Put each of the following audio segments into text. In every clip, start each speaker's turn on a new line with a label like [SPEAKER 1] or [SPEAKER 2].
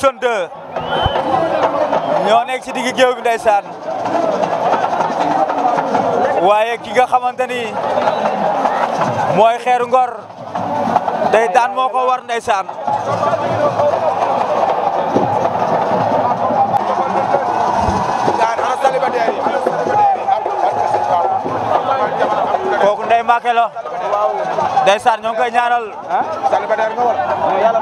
[SPEAKER 1] Jackson ñoo nekk ci digg géew bi ndeysaan waaye ki nga xamante ni mooy xeeru ngor day daan moo ko war ndeysaan kooku ndey maake la ndeysaan ñoo ngi koy ñaanal. Ah. a yàlla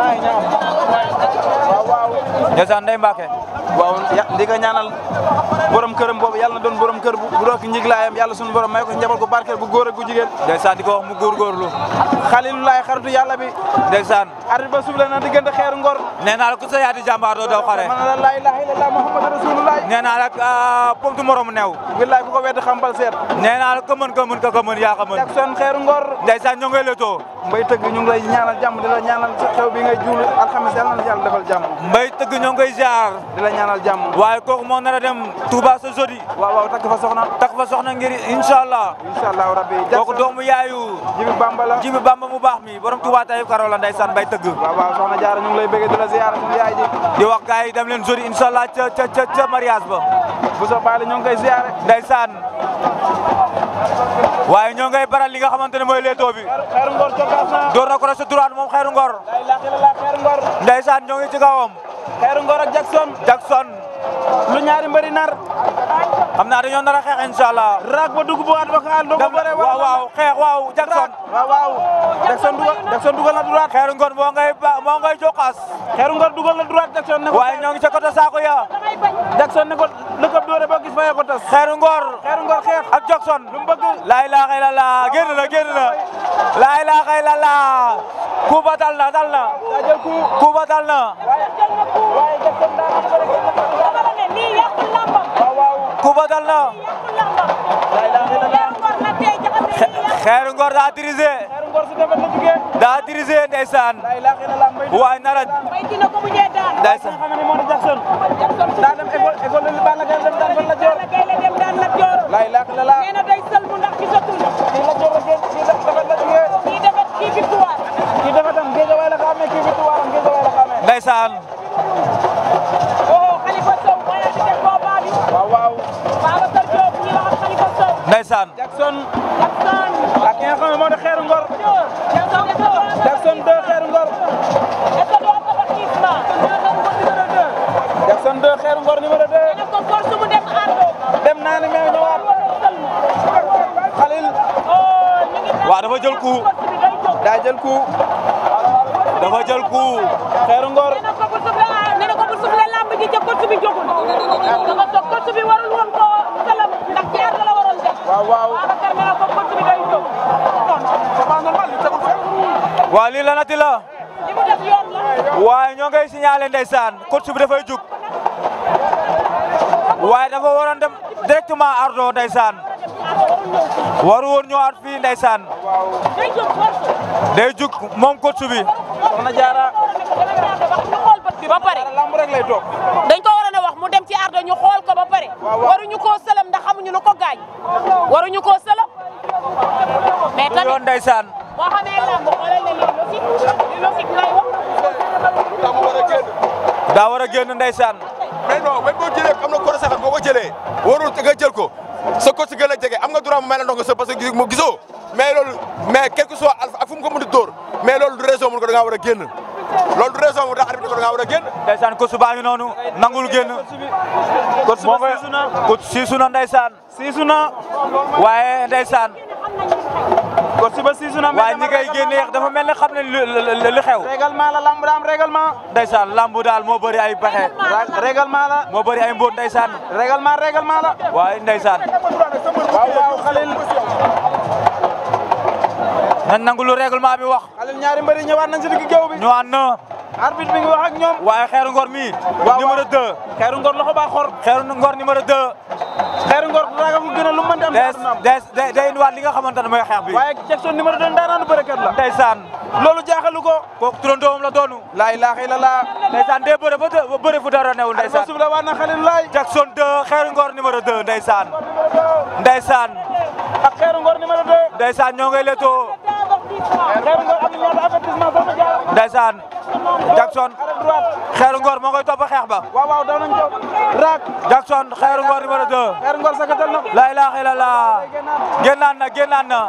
[SPEAKER 1] a yàlla Ya, ndeysaan ndey mbake waaw ya, ndiga ñaanal borom kërëm bobu yalla na doon borom kër bu rok ñig njiglaayam yalla suñu borom may ko njaboot ko barkel bu goor ak bu jigen ndeysaan di ko wax mu goor goor lu khalilullah xaritu yalla bi ndeysaan arbitre ba suuf la na diggante xeeru ngor neena la ku sa yaati jàmbaar do daw xare man la ilaha illallah muhammadu rasulullah nee la ah, pomtu morom neew billahi ku ko wedd xambal seet neena la ko mën ko mën ko ko mën ya ko mën ak son xeeru ngor ndeysaan ñoo ngay letoo mbay tëgg ñu ngi lay ñaanal jamm di ñaanal ñaanal xew bi ngay juul alxames yàlla na yàlla defal jàmm mbay tëgg ñoo ngi koy ziar di la ñaanal jàmm waaye kooku moo nar a dem Touba sa jeudi waaw waaw takk fa soxna takk fa soxna ngir inshallah inshallah rabbi kooku doomu yaayu jibi bamba la jibi bamba mu baax mi borom Touba tayib karo la ndeysaan mbay tëgg waaw waaw soxna jaara ñu ngi lay la ziar suñu yaay ji di wax gars yi dem leen jeudi inshallah ca ca ca mariage ba bu baale ñoo ngi koy ziar waaye ñoo ngay baral li nga xamante ne mooy leetoo bi xeeru ngor cokaas ko rek sa droite moom xeeru ngor ndeysaan ñoo ngi ci kawam xeeru ngor ak Jackson Jackson lu ñaari mbëri nar xam naa dañoo nar a inshallah rag ba dugg bu advocat do ko bëre waaw waaw xeex waaw Jackson waaw waaw Jackson dugal Jackson dugal na droite xeru ngor moo ngay mo ngay jokas xeru ngor dugal na droite Jackson ne ko waaye ñoo ngi ca côté saako ya Jackson ne ko lu ko doore ba gis faye ko tas xeru ngor xeru ngor xex ak Jackson lu mu bëgg la ilaha illallah genn na genn na la ilaha illallah ku batal na dal na ku batal na way Jackson Coumba dal na xeeru ngor daa dirisé daa dirisé ndeysaan waaye nara ndeysaan daa dem école école li Balla Gaye dem daan la joor lay laax la laa nee na day sëlmu ndax ci sotul kii la joor la kii defet la jugee kii defet kii victoire kii defetam géej waay la ko amee kii victoire am géej waay la ko amee ndeysaan ndeysaan Jackson ak ki nga xam ne moo di xeeru ngor Jackson 2 xeeru ngor Jackson 2 xeeru ngor numéro 2 dem naa ni mais ñëwaat Khalil dafa jël coup daa jël coup dafa jël coup xeeru ngor nee na ah, ko bu sufle lamb ji ca coach bi jógul dafa toog coach bi warul ko Wali lii la nati la waaye ñoo ngay signalé ndeysaan coach bi dafay jug waaye dafa waroon dem directement ardo ndeysaan waru woon ñëwaat fii ndeysaan day jug moom coach bi soxna jaara ba pare dañ ko mu dem ci ardo ñu xool ko ba pare waruñu koo sëlëm ndax xamuñu ko gaañ waruñu koo sëlëm mais tamit loolu ndeysaan boo xamee na li logique li logique lay wax daa war a génn daa war a noo ndeysaan mais non même boo jëlee am na koro saxat boo ko jëlee warul jël ko sa si gën a jege am nga droit mu may la ndox nga sa parce que mais loolu mais quel que soit alpha ak ko mën a dóor mais loolu du raison mun ko da ngaa war a génn loolu du raison mu tax arbitre ko da ngaa war a génn. ndeysaan coach baa ngi noonu nangul génn. coach moo koy coach siisu na ndeysaan. siisu na waaye ndeysaan. coach ba si na waaye ñi koy génne dafa mel ne xam ne li xew. règlement la lamb daam règlement. ndeysaan lamb daal moo bëri ay pexe. règlement la moo bari ay mbóot ndeysaan. règlement règlement la. waaye ndeysaan. waaw nañ nangul lu règlement bi wax xalil ñaari mbëri ñëwaat nañ ci bi ñëwaat na arbitre bi ngi wax ak ñoom waaye xeeru ngor mi numéro 2 ngor loxo ba xor xeeru ngor numéro 2 xeeru ngor raga ko gëna lu mën am des day indiwaat li nga xamante Jackson numéro 2 ndaanaanu bërëkat la ndeysaan loolu jaaxalu ko kooku turandoom la doonu la ilaha illallah ndeysaan dee bëre ba bëre fu dara newul ndeysaan subla wa lay Jackson 2 xeeru ngor numéro 2 ndeysaan ndeysaan ak xeeru ngor numéro 2 ndeysaan ñoo ngay ndeysaan Jackson xeeru ngor moo koy topp xeex ba waaw waaw daw nañ ko raak Jackson xeeru ngor numéro 2 na la ilaha na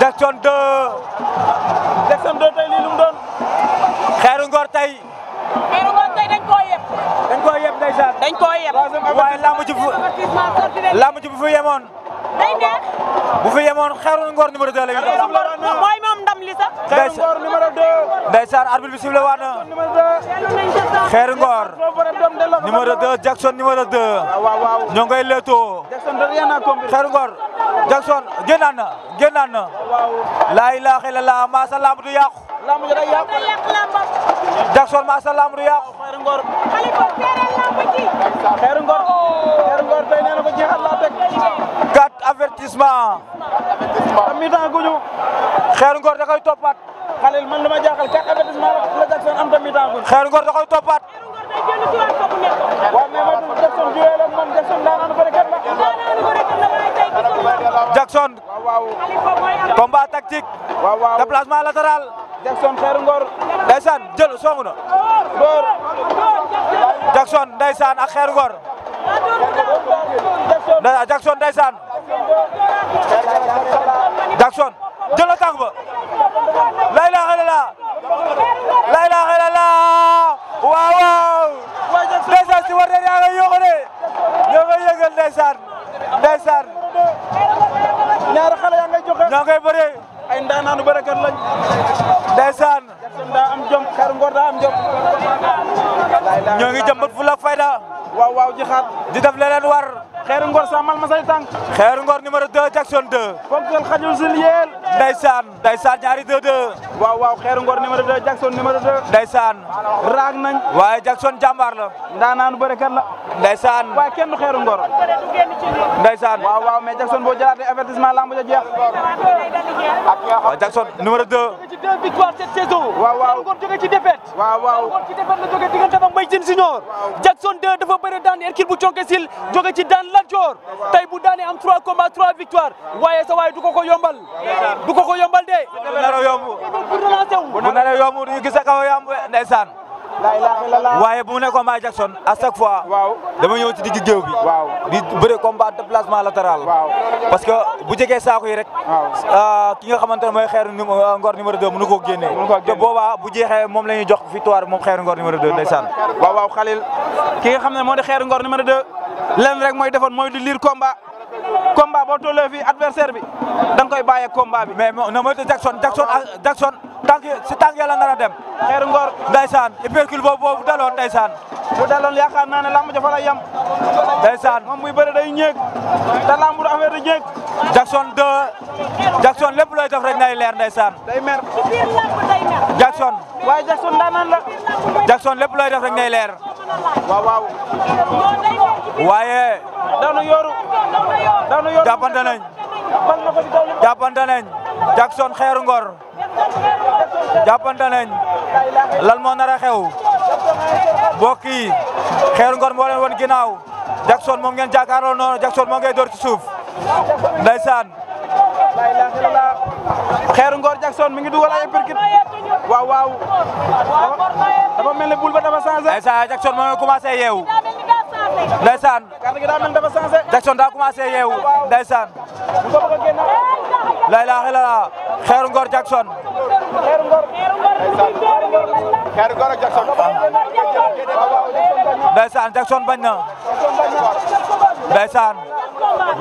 [SPEAKER 1] Jackson 2 Jackson 2 tey lii doon xeeru tey waaye lamb ji fu lamb fu yemoon day neex. bu fi yemoon xeeru ngor numéro 2 la ñuy doon. mooy moom ndam li sax. xeeru ngor numéro 2. ndeysaan arbitre bi sifflé waat na. xeeru ngor. numéro 2 Jackson numéro 2. ñoo ngay leetoo. xeeru ngor Jackson génnaan na génnaan na. laa ilaaha illallaah maasa lamb du yàqu. Jackson oh. ma sa lamb du Jackson am combat taktik deplasement lateral Jackson xeeru ngor ndeysaan jël songu na door Jackson ndeysaan ak xeeru ngor Jackson ndeysaan Jackson jël tànk ba la ilaha illallah la ilaha illallah waaw waaw ndeysaan si war yaa nga yóoxo de ñoo nga yëgal ndeysaan ndeysaan ñaari xale yaa ngay joxe ñoo ngay bëree ay ndaanaanu barakat lañ ndeysaan Jackson daa am jom xar ngor daa am jom ñoo ngi jëmbat fu la fayda waaw waaw jixaat di def leneen war xeer ngor sàmmal ma say tank xeer ngor numéro 2 Jackson 2 fogal xajul si ndaysan ndaysan ñaari 2 2 waaw waaw xeer ngor numéro 2 Jackson numéro 2 ndaysan raag nañ waye Jackson jambar la ndaanaanu bërekat la ndaysan waaye kenn xeer ngor ndaysan waaw waaw mais Jackson bo jalaté avertissement lamb ja jeex waaw Jackson numéro 2 ci deux victoires cette saison waaw waaw ngor joge ci défaite waaw waaw ngor ci défaite la joge Tyson Junior Jackson 2 dafa bëre daan Hercule bu conke sil jóge ci daan Lat Dior tey bu daane am 3 combats 3 victoire waaye sa waay du ko ko yombal du ko ko yombal de bu nara yomb bu nara yomb du ñu gis ak kaw yomb ndeysaan waaye bu mu ne combat Jackson à chaque fois. waaw dama ñëw ci digg géew bi. waaw di bëre combat déplacement latéral. waaw parce que bu jegee saako yi rek. waaw euh, ki nga xamante ne mooy xeeru euh, ngor numéro 2 mënu ko génnee. mënu ko génnee te boobaa bu jeexee moom la jox victoire moom xeeru ngor numéro 2 ndeysaan. waaw waaw Khalil ki nga xam ne moo di xeeru ngor numéro 2 rek mooy defoon mooy di lire combat. combat boo tollee fii adversaire bi da nga koy bàyyeeg combat bi. mais non mooy Jackson Jackson Jackson. tànk si tànk yàlla nar a dem. xeeru ngor ndeysaan hypercule boobu boobu daloon ndeysaan. bu daloon yaakaar naa ne lamb dafa lay yem. ndeysaan moom muy bëre day ñeeg te lamb du affaire di Jackson 2 Jackson lépp looy def rek ngay leer ndeysaan. day mer Jackson. waaye Jackson ndaanaan la. Jackson lépp looy def rek ngay leer. waaw waaw. waaye. daanu yooru. daanu yooru jàppante nañ. jàppante nañ Jackson xeeru ngor jappanta nañ lan mo nara xew bokki yi Ngor mo leen won ginaaw Jackson moom ngeen jàkkaarloo non Jackson mo ngay dor ci souf ndaysan Xeeru Ngor Jackson mi ngi dugal ay perkit waaw waaw dama melni ne ba dafa changé ndeysaan Jackson mo ngi commencé yew ndaysan Jackson da commencé yeewu ndeysaan lay laa xelala Xeeru Ngor Jackson xeeru ngor xeeru Jackson ndeysaan Jackson bañ na ndeysaan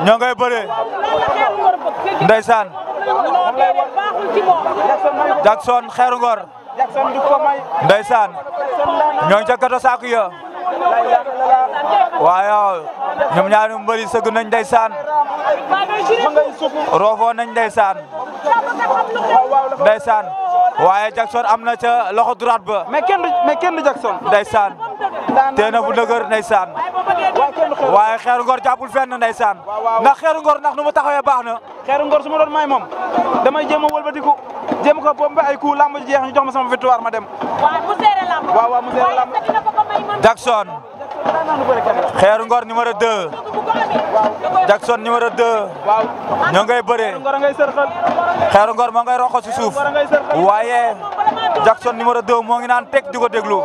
[SPEAKER 1] ñoo ngay bëree ndeysaan Jackson xeeru ngor ndeysaan ñoo ngi ca gato saaku ya waaye ñoom ñaari mbëri sëgg nañ ndeysaan roofoo nañ saan ndeysaan waaye Jackson am na ca loxo droite ba. mais kenn du mais kenn du Jackson. ndeysaan tee na bu dëgër ndeysaan. waaye xeeru ngor jàppul fenn ndeysaan. ndax xeeru ngor ndax nu mu taxawee baax na. xeeru ngor su ma doon may moom damay jéem a wëlbatiku jéem ko bombe ay coup lamb ji jeex ñu jox ma sama victoire ma dem. waaw mu mu seere lamb. Jackson. xeeru ngor numéro 2 Jackson numéro 2 ñoo ngay bëree xeeru ngor moo ngay roxo si suuf waaye Jackson numéro 2 moo ngi naan teg di ko déglu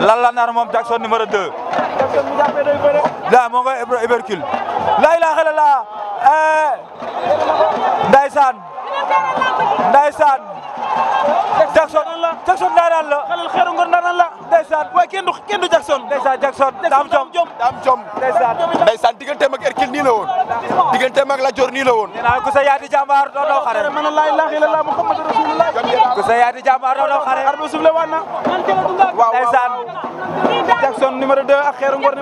[SPEAKER 1] lan la nar moom Jackson numéro 2 la moo ngay hébercule la ilaha illallah eh ndeysaan ndeysaan Jackson Jackson daanaan la xalal xeeru ngor daanaan la ndeysaan waaye kenn du kenn du Jackson ndeysaan Jackson la woon digganteem ak Lat Dior nii la woon nee naa ku sa yaay di jàmbaar doo daw xare man la ilaha illallah muhammad rasulullah ku sa yaay di daw xare arbu suuf la waan na waaw Jackson numéro 2 ak xeeru ngor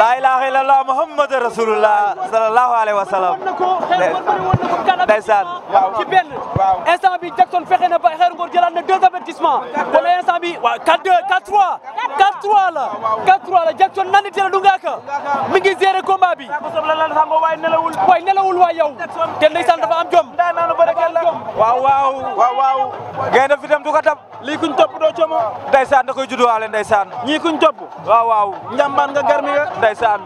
[SPEAKER 1] laa ilaaha illallah muhammad rasulullah sallallahu alayhi wa sallam ndeysaan ci benn instant bi Jackson fexe na ba Xeeru Ngor jëlaat na deux avertissement wala instant bi waaw 4 2 4 3 4 3 la 4 3 la Jackson nanit la du mi ngi gérer combat bi waay nelawul waay nelawul yaw yow te ndeysaan dafa am jom waaw waaw waaw waaw gaynde du ko tab lii kuñ topp doo coomo ndeysaan da koy judduwaale ndeysaan ñii kuñ topp waaw waaw nga garmi nga ndeysaan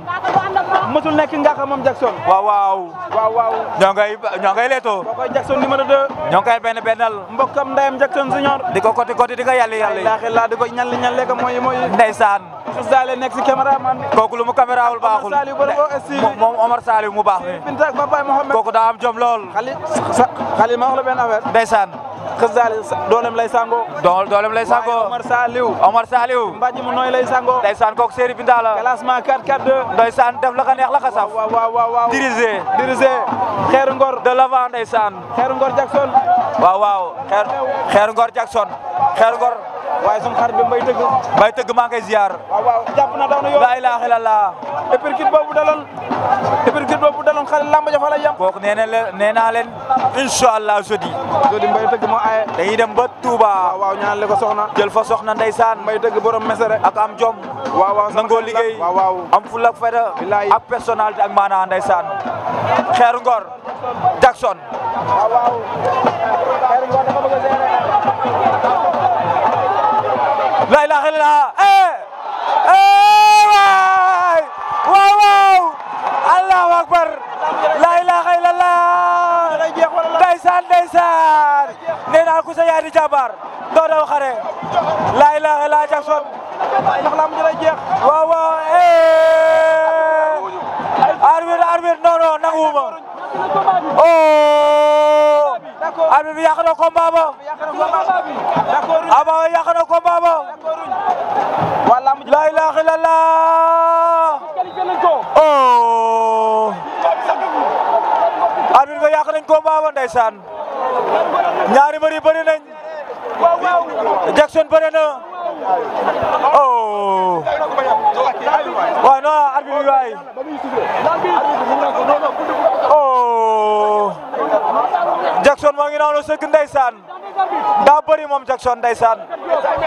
[SPEAKER 1] mësul nekk nga xam moom Jackson waaw waaw waaw waaw ñoo ngay ñoo ngay leetoo boo koy Jackson numéro 2 ñoo koy benn bennal mbokkam ndayam Jackson senior di ko côté côté di ko yàlli yàlli laaxi laa di ko ñalli ñalle ko mooy mooy ndeysaan Ousmane Sall nekk si caméra man kooku lu mu caméra wul baaxul moom Omar Sall mu baax mi kooku daa am jom lool xali ma wax la benn affaire ndeysaan Xëzal dooleem lay sango dool dooleem lay sango Omar Saliou Omar Saliou Mbadji mu nooy lay sango ndeysaan kooku série bi ndaala classement 4 4 2 ndeysaan def la ka neex la ka saf waaw waaw dirigé dirigé Xeeru Ngor de l'avant ndeysaan Xeeru Ngor Jackson waaw waaw xeer Xeeru Ngor Jackson Xeeru Ngor waaye sunu xarit bi mbay tëgg mbay tëgg maa ngi koy ziar waaw waaw jàpp na daw na yow la ilaha illallah épirkit boobu daloon épirkit boobu daloon xale lamba ja fa la yam kooku nee na leen nee naa leen inshallah jeudi jeudi mbay tëgg moo dañuy dem ba Touba waaw waaw ñaanal ko soxna jël fa soxna ndeysaan may dëgg borom mesere ak am jom waaw waaw nangoo liggéey waaw waaw am fulla ak fayda ak personnalité ak maanaa ndeysaan xeeru ngor Jackson waaw waaw xeeru ngor dafa bëgg seere la ilaha illallah eh eh waay waaw waaw allahu akbar la ilaha illallah ndeysaan ndeysaan ku sa yaay di jàmbaar doo daw xare laa ilaaha illaa Jackson ndax eh. oh. na combat ba Ama yàq na combat ba laa ilaaha illallaa oh arbitre ñaari mbër yi bëri nañ Jackson bëri na oh waaw non arbitre bi waay oh Jackson moo ngi noonu sëgg ndeysaan daa bëri moom Jackson ndeysaan